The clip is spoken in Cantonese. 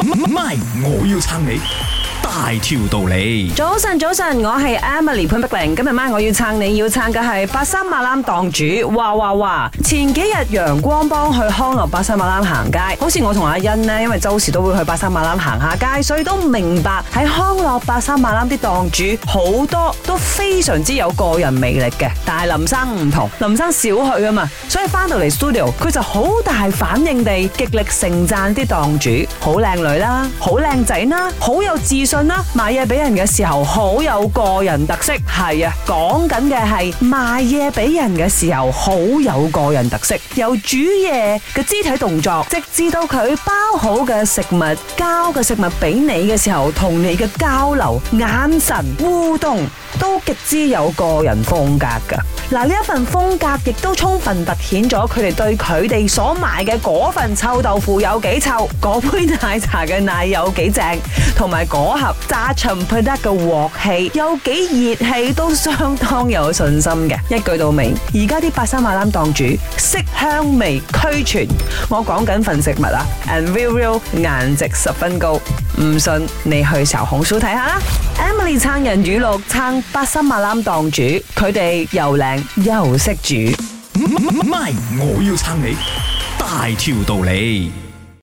唔賣，ine, oh. 我要撐你。大條道理，早晨早晨，我係 Emily 潘碧玲，ling, 今日晚我要撐你，要撐嘅係八三馬欄檔主，哇哇哇！前幾日陽光幫去康樂八三馬欄行街，好似我同阿欣呢，因為周時都會去八三馬欄行下街，所以都明白喺康樂八三馬欄啲檔主好多都非常之有個人魅力嘅。但係林生唔同，林生少去啊嘛，所以翻到嚟 studio，佢就好大反應地極力盛讚啲檔主，好靚女啦，好靚仔啦，好有自信。啦，賣嘢俾人嘅時候好有個人特色，係啊，講緊嘅係賣嘢俾人嘅時候好有個人特色，由煮嘢嘅肢體動作，直至到佢包好嘅食物，交嘅食物俾你嘅時候，同你嘅交流、眼神互動。都極之有個人風格噶，嗱、啊、呢一份風格亦都充分凸顯咗佢哋對佢哋所賣嘅嗰份臭豆腐有幾臭，嗰杯奶茶嘅奶有幾正，同埋嗰盒炸秦配得嘅鑊氣有幾熱氣，都相當有信心嘅。一句到尾，而家啲白山買籃檔主色香味俱全，我講緊份食物啊，and real real 顏值十分高，唔信你去小紅書睇下啦，Emily 餐人語錄餐。八身馬籃檔主，佢哋又靚又識煮，唔係，嗯嗯嗯嗯、我要撐你大條道理。